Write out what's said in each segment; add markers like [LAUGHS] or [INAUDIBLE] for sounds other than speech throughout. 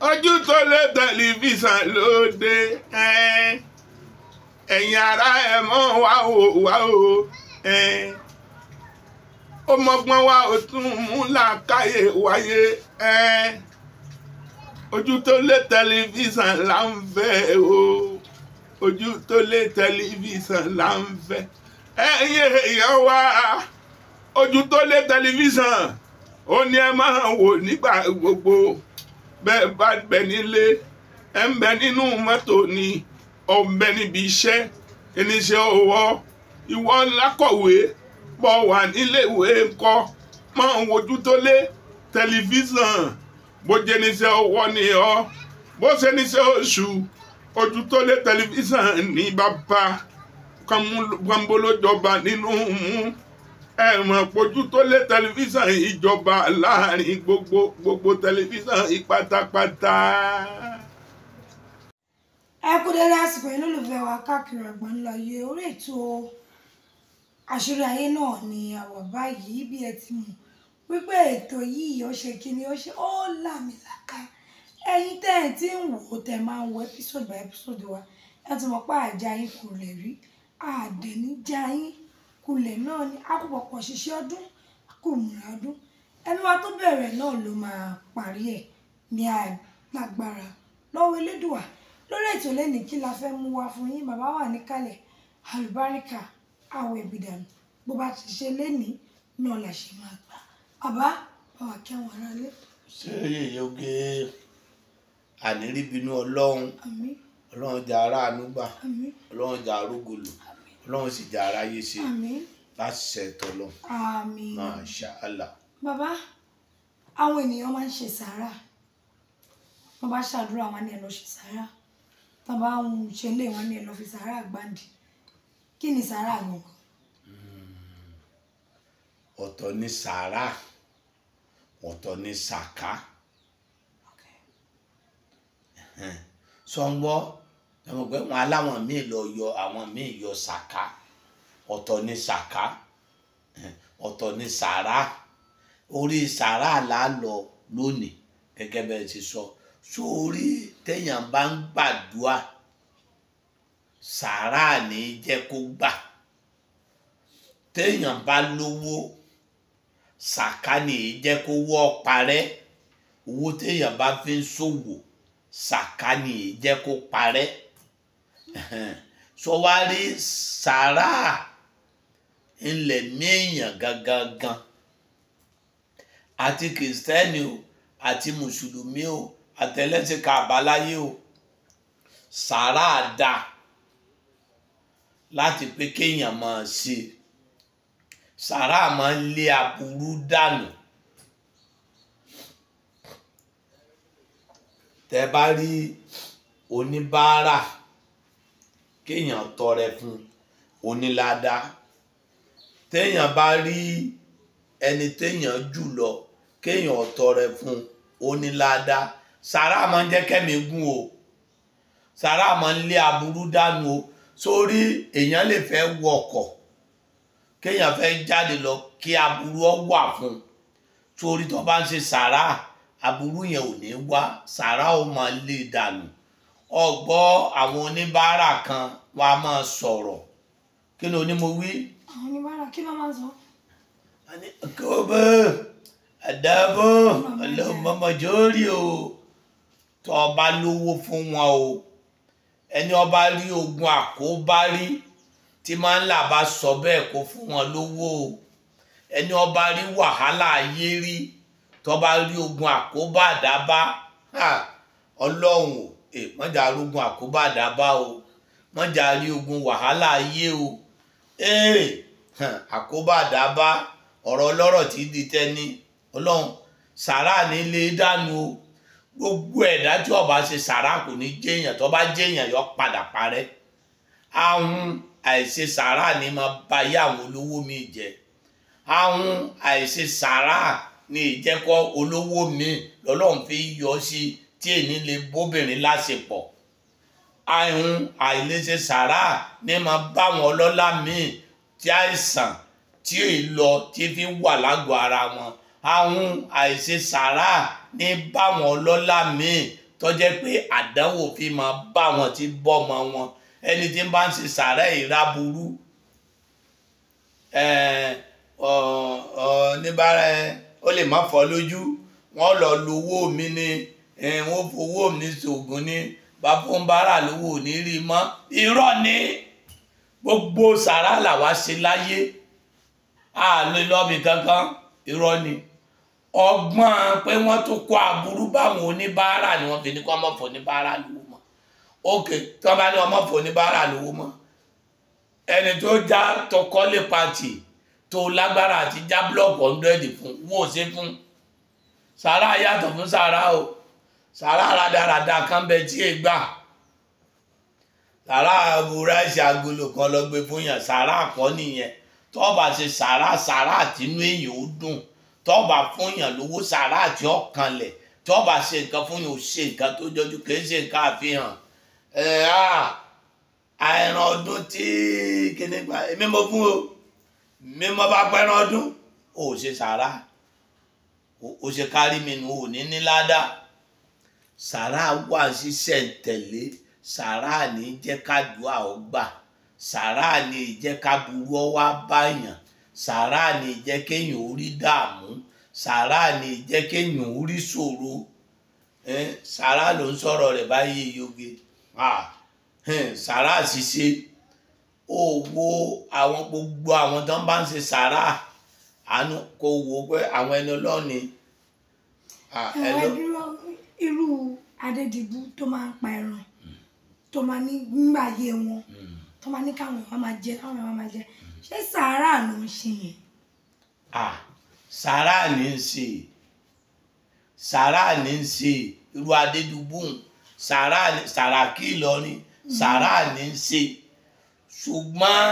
ojú tó lé tẹlifíṣàn lóde ẹ̀yin ara ẹ̀ mọ́ wá o wá o ó mọ́gbọ́n wá o tún mú làákàyè wáyé ojú tó lé tẹlifíṣàn là ń fẹ́ o ojú tó lé tẹlifíṣàn là ń fẹ́ ẹ̀yin èèyàn wá ojú tó lé tẹlifíṣàn ó ní ẹ máa wò nígbà gbogbo bẹ́ẹ̀ bá bẹ nílé ẹ ń bẹ nínú mọ́tò ni ọ̀bẹ níbi iṣẹ́ oníṣẹ́ ọwọ́ ìwọ lákọ̀wé bọ̀ wà níléèwé ńkọ́ máa ń wojú tó lé tẹlifíṣàn bó jẹ́ níṣẹ́ ọwọ́ ni ọ́ bó ṣe níṣẹ́ oṣù ojú tó lé tẹlifíṣàn ní bàbá kàmbólójọba nínú mú ẹ mọ̀ pojú tó lé tẹlifíṣàn ìjọba láàrin gbogbo gbogbo tẹlifíṣàn ìpátápátá. ẹ kú dédé àsìkò yìí lólùfẹ́ wa káàkiri àgbáńlá yìí orí ètò àṣírí ayé náà ni àwọ̀ báyìí bí ẹ ti mọ̀ wípé ètò yìí ó ṣe kíni ó ṣe ó làmìlàkà ẹ̀yin tẹ́ ẹ ti ń wò ó tẹ́ máa ń wo episode by episode wa ẹ ti mọ̀ pé àjà yín kò lè rí àdẹ̀níjà yín kulẹ̀ náà ni a kò pọ̀pọ̀ ṣiṣẹ́ ọdún a kò múra ọdún ẹnu wa tó bẹ̀rẹ̀ náà ló máa parí ẹ̀ ní agbára lọ́wọ́ elédùà lórí ètò lẹ́nìí kí la fẹ́ mú wa fún yín bàbá wa níkàlẹ̀ àlùbáríkà àwọ̀ ìbìdànù bó bá ti ṣe lẹ́nìí náà la ṣe máa gbà bàbá bàbá kí àwọn ará ṣé yèyé oge àníríbinú ọlọ́run ọlọ́run jà aráàánú gbà ọlọ́run jà arógolo ọlọ́run sì já aráyé ṣe láṣẹ tọlọ máa ṣàlà. bàbá àwọn ènìyàn máa ń ṣe sàárà wọn bá ṣàdúrà wọn ní ẹ lọ ṣe sàárà wọn bá ń ṣe lé wọn ní ẹ lọ fi sàárà gbàǹdì kí ni sàárà gan. Hmm. ọ̀tọ̀ ni sàárà ọ̀tọ̀ ni sàká sọ̀ngbọ́. So, ẹmọ pé wọn aláwọn míì lọ yọ àwọn míì yọ sàká ọ̀tọ̀ ni sàká ọ̀tọ̀ ni sàrà orí sàrà là lọ lónìí gẹ́gẹ́ bẹ́ẹ̀ ti sọ sórí téèyàn bá ń gbàdúrà sàrà ní jẹ́ kó gbà téèyàn bá lówó sàká ní jẹ́ kó wọ́ parẹ́ owó téèyàn bá fi ń ṣòwò sàká ní jẹ́ kó parẹ́ sọwárí [LAUGHS] sàrà ńlẹ̀ mẹ́yàn gangan àti kìrìsìtẹ́nì o àti mùsùlùmí o àtẹlẹ́sìn kàbáláyé o sàrà dà láti pé kéèyàn máa ṣe sàrà máa ń lé aburú dànù tẹ bá rí oníbàárà kéèyàn tọrẹ fún onílàdá téèyàn bá rí ẹni téèyàn jù lọ kéèyàn tọrẹ fún onílàdá sàrà máa ń jẹ́ kẹ́mi gùn o sàrà máa ń lé aburú dànù o sórí èèyàn lè fẹ́ wọ ọkọ̀ kéèyàn fẹ́ jáde lọ kí aburú ọ wà fún un tó bá ń ṣe sàrà aburú yẹn ò ní wá sàrà ó máa lé dànù ọgbọ́ àwọn oníbàárà kan wàá máa sọ̀rọ̀ kí ni onímọ̀wí. àwọn oníbàárà kí ló máa sọ. kóbó àdàbò ọlọmọmọjọrí o tó ọba lówó fún wọn o ẹni ọba rí ogun àkóbá rí tí máa ń là bá sọ bẹ́ẹ̀ kó fún wọn lówó o ẹni ọba rí wàhálà ayé rí tọba rí ogun àkóbá àdábá ọlọ́run o mọ́jà arógun àkóbàdà bá o mọ́jà rí ogun wàhálà ayé o àkóbàdà bá ọ̀rọ̀ ọlọ́rọ̀ tí di tẹ́ni ọlọ́run sàrà ní lè dànù o gbogbo ẹ̀dá tí ọba ṣe sàrà kò ní jẹ́yàn tó bá jẹ́yàn yọ padà parẹ́ àwọn àìṣe sàrà ni máa ba yá àwọn olówó mi jẹ àwọn àìṣe sàrà ni ìjẹ́kọ́ olówó mi lọ́lọ́run fi yọ sí i tí èyí lè bóbìnrin láṣepọ̀ àìhun àìlèṣe sàrà ní máa bá wọn ọlọ́lá míì tí àìsàn tí èyí lọ tí fi wà lágọ̀ ara wọn àhun àìṣe sàrà ní bá wọn ọlọ́lá míì tó jẹ́ pé àdánwò fi máa bá wọn ti bọ́mọ wọn ẹni tí ń bá ń ṣe sàrà ìraburú níbàárà ó lè má fọ́ lójú wọ́n lọ lówó mi ní wọ́n fowó mi ṣoògùn ni bàfúnbárà lówó ò ní rí mọ́ irọ́ ni gbogbo sàrà làwa ṣe láyé àlọ́ ìlọ́bì kankan irọ́ ni ọgbọ́n pé wọ́n tún kó aburú báwọn oníbàárà ni wọ́n fi ní kó ọmọ fò oníbàárà lówó mọ́ ok tí wọ́n bá ní ọmọ fò oníbàárà lówó mọ́ ẹni tó já tọkọ́lé pàtì tó lágbára àti já búlọ̀kù ọ̀ndẹ́ẹ̀dì fún wọn ò ṣe fún sàrà yàtọ̀ fún sàrà o sàrà rádaràda kan bẹ tí ì gbà sàrà ráìsì agolo kan lọ gbé fún yàn sàrà àkọ́ nìyẹn tọ́ọ̀bà ṣe sàrà sàrà àtinú èèyàn ó dùn tọ́ọ̀bà fún yàn lówó sàrà àti ọ̀kanlẹ̀ tọ́ọ̀bà ṣe nǹkan fún yàn ó ṣe nǹkan tó jọjú kì í ṣe nǹkan àfihàn ẹ̀ ah àìràn ọdún tí kìnìún gba èmi mo fún o mi mo bá pẹ́ ẹran ọdún ò ṣe sàrà ò ṣe kárí mi nù ò ní ní ládàá sàrà wà ṣiṣẹ́ ń tẹ̀lé sàrà ní jẹ́ kádùá ọgbà sàrà ní jẹ́ káburú ọwá báyàn sàrà ní jẹ́ kéèyàn orí dààmú sàrà ní jẹ́ kéèyàn orí ṣòro sàrà ló ń sọ̀rọ̀ rẹ̀ báyìí yoge sàrà ṣiṣẹ́ ó wo àwọn gbogbo àwọn tó ń bá ń ṣe sàrà kò wo pé àwọn ẹni ọlọ́ọ̀ni. ẹ wá dúró adédìbú tó máa ń pa ẹran tó máa ní nígbà ayé wọn tó máa ní káwọn èèyàn máa jẹ káwọn èèyàn máa jẹ ṣé sàárà ló ń ṣe yẹn. ah sàárà ní í ṣe sàárà ní í ṣe irú adédìbú sàárà sàràkí ìlọrin sàárà ní í ṣe ṣùgbọ́n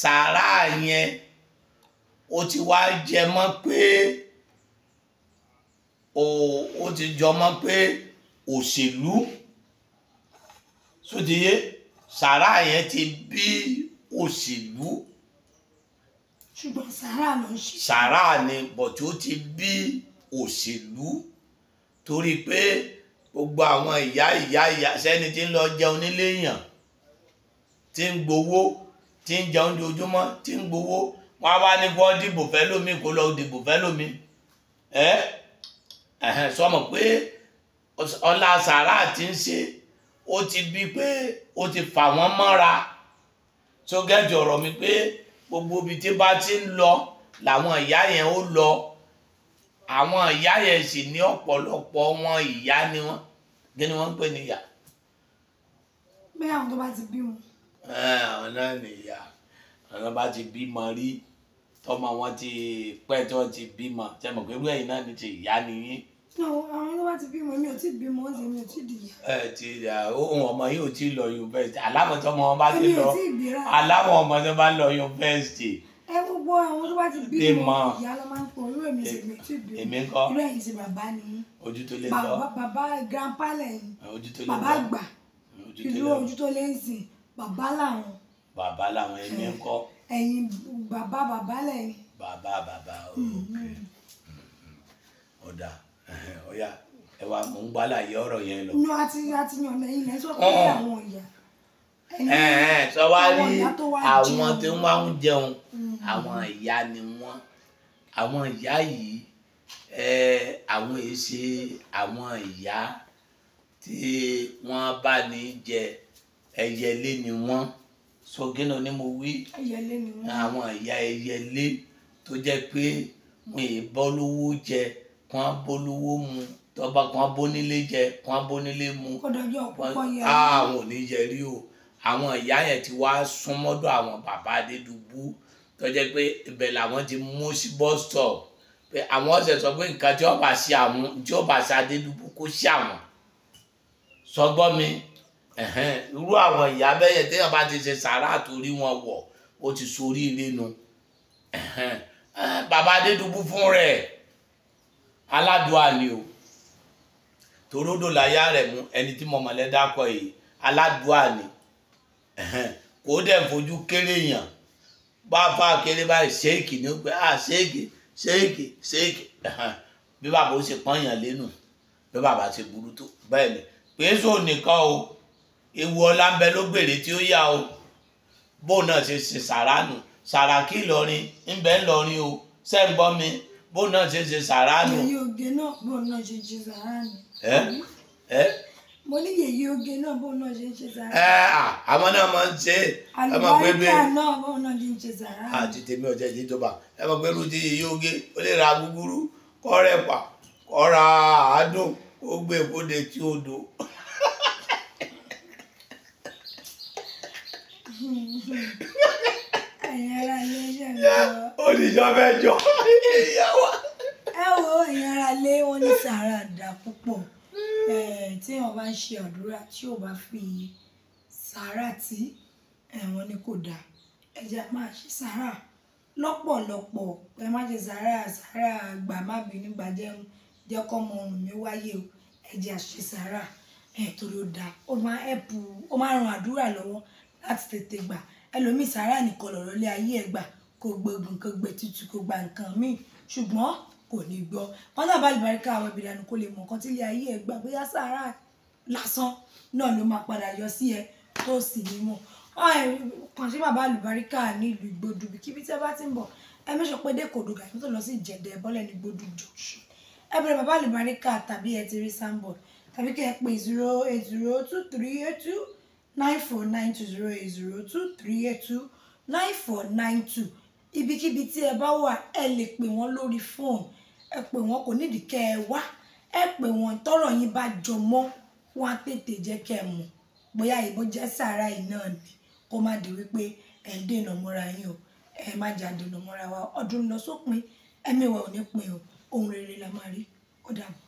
sàárà yẹn ó ti wá jẹ mọ́ pé ó ti jọ mọ́ pé òṣèlú sódìyẹ sàrà yẹn ti bí òṣèlú ṣùgbọ́n sàrà ló ń ṣe. sàrà ni bọ̀tí ó ti bí òṣèlú torí pé gbogbo àwọn ìyá ìyá ìyá sẹ́ni tí ń lọ jẹun nílé èèyàn tí ń gbowó tí ń jẹun ojoojúmọ́ tí ń gbowó wọn á wá ní kó dìbò fẹ́ lómi kó lọ dìbò fẹ́ lómi ẹ sọmọ pé. Eh? ọlá sàrà tí ń ṣe ó ti bí pé ó ti fà wọ́n mọ́ra tó gẹ́jọ ọ̀rọ̀ mi pé gbogbo ibi tí bá ti ń lọ làwọn ìyá yẹn ó lọ àwọn ìyá yẹn sì ní ọ̀pọ̀lọpọ̀ wọn ìyá ni wọ́n kí ni wọ́n ń pè níyà. bẹ́ẹ̀ àwọn tó bá ti bí wọn. àwọn náà nìyà àwọn bá ti bímọ rí tọmọ wọn ti pẹ́ tí ti bímọ tẹmọ pé wíwẹ̀yìn náà ti ìyá nìyí no àwọn tó bá ti bímọ mi ò tí bímọ ó mi ò tí dìyà. ẹ ti ohun ọmọ yóò tí lọ yunifásitì aláwọ tó ọmọ bá ti lọ aláwọ ọmọ tó bá lọ yunifásitì. ẹ gbogbo àwọn tó bá ti bímọ ìyá ló máa ń pọ irú èmi sì mi bímọ èmi sì bàbá ni ojú tó lè lọ bàbá grandpa lẹ́yìn bàbá àgbà ìlú ojú tó lè ń sìn bàbá làwọn. bàbá làwọn èmi kọ. ẹ̀yin bàbá bàbá lẹ́yìn. bàbá bàbá mm-hmm. ok ọ̀dà. Mm-hmm ọ̀yà ẹ wà mò ń gbá láàyè yẹn lọ. inú àti àti yàn lẹ́yìn lẹ́yìn sọ pé àwọn ìyá. sọ wá rí àwọn tí wọ́n ń jẹun mm. àwọn ìyá ni wọ́n àwọn ìyá yìí àwọn èyí ṣe àwọn ìyá tí wọ́n bá ní jẹ ẹyẹlé ni wọ́n sọgínà ni mo wí àwọn ìyá ẹyẹlé tó jẹ́ pé wọn ì bọ́ lówó jẹ kàn á mu tọ́ba kàn á jẹ kàn á mu àwọn ò rí o àwọn ìyá yẹn ti wá súnmọ́dọ̀ àwọn bàbá Adédùbú tó pé ibẹ̀ làwọn ti mú sí bus pé àwọn ọ̀sẹ̀ sọ pé nǹkan tí ó bá ṣe àwọn tí ó bá ṣe Adédùbú kó ṣe àwọn sọgbọ́n mi irú àwọn ìyá bẹ́yẹ téèyàn bá ti ṣe sàárà torí wọn wọ̀ ó ti sorí ire nu bàbá Adédùbú fún rẹ̀ aládùá ni o tòródò láyà rẹ̀ mú ẹni tí mo mọ̀lẹ́ dákọ̀ yìí aládùá ni kò dẹ̀ fojú kéré yàn bá a fa kéré báyìí ṣéèkì ni ó pé ah ṣéèkì ṣéèkì ṣéèkì bí bàbá ó ṣe pọ́n yàn lẹ́nu bí bàbá ṣe burú tó bẹ́ẹ̀ ni pèsè nìkan o ewu ọlá ń bẹ ló gbèrè tí ó yá o bó náà ṣe ṣe sàránù sàràkí Ìlọrin ń bẹ ńlọrin o ṣẹ́ mi bóun náà ṣe ṣe sàrá nù. yèyí oge náà bóun náà ṣe ṣe sàrá nù. ẹ ẹ. mo ní yèyí oge náà bóun náà ṣe ṣe sàrá. ẹ àwọn náà máa ń ṣe ẹ máa gbé bẹ́ẹ̀. àlùbáríkà náà bóun náà ṣe àti tèmi ọ̀jẹ̀ yìí tó bá ẹ máa gbé rúdi yèyí oge ó lè ra gúgúrú kọ́ rẹ̀ pa kọ́ ra àádùn ó gbé ìbòde tí ó do. Mm-hmm. [LAUGHS] ẹ̀yin ará ilé ṣe ń lọ. ìyàwó. ẹ wo ẹ̀yin ará ilé wọn ní sàárà dà púpọ̀ tí wọn bá ń ṣe àdúrà tí ò bá fi sàárà tí wọn ní kò dáa ẹ jẹ́ máa ṣe sàárà lọ́pọ̀lọpọ̀ ẹ má ṣe sàárà sàárà gbà má bínú gbàjẹ́ jẹ́ kọ́ ọmọ ọ̀run mi wáyé o ẹ jẹ́ àṣẹ sàárà ẹ̀ torí ó dáa ó máa ń ran àdúrà lọ́wọ́ láti tètè gbà ẹlòmíì sàárà nìkan lọ̀rọ̀ lé ayé ẹ̀ gbà kó gbógun kó gbé tutù kó gba nǹkan míì ṣùgbọ́n kò ní gbọ́ wọn náà bá àlùbáríkà àwọn ìbèrè àná kó lè mọ̀ nǹkan tí ilé ayé ẹ̀ gbà bóyá sàárà lásán náà ló máa padà yọ sí ẹ tó sì ní mọ̀ kàn sí bàbá àlùbáríkà ní ìlú Igbodu kíbi tí ẹ bá ti ń bọ̀ ẹ mẹ́sàn pé dé Kodo gàdúrà tó lọ sí Ìjẹ̀dẹ̀ bọ́lẹ̀ ní Igbodu junction ẹ bẹ̀rẹ̀ bàbá àlùbáríkà tàbí ẹ ti rí sanbọ̀d tàbí kẹ́ ẹ pè zero eight zero two three eight two nine four nine two zero zero two three eight two nine four nine two ibikíbi tí ẹ bá wà ẹ lè pè wọ́n lórí fóònù ẹ pè wọ́n kò nídìí kẹ́ ẹ wá ẹ pè wọ́n tọ́rọ̀ yín bá jọ mọ́ wọn á tètè jẹ́ kẹ́ ẹ mọ̀ bóyá ìbò jẹ́ sàárà yìí náà ni kó má di wípé ẹ̀ ń dènà mọ́ra yín o ẹ má jà dènà mọ́ra wa ọdún lọ sópin ẹ̀mí wa ò ní pin o ohun rere la máa rí ó dàbọ̀.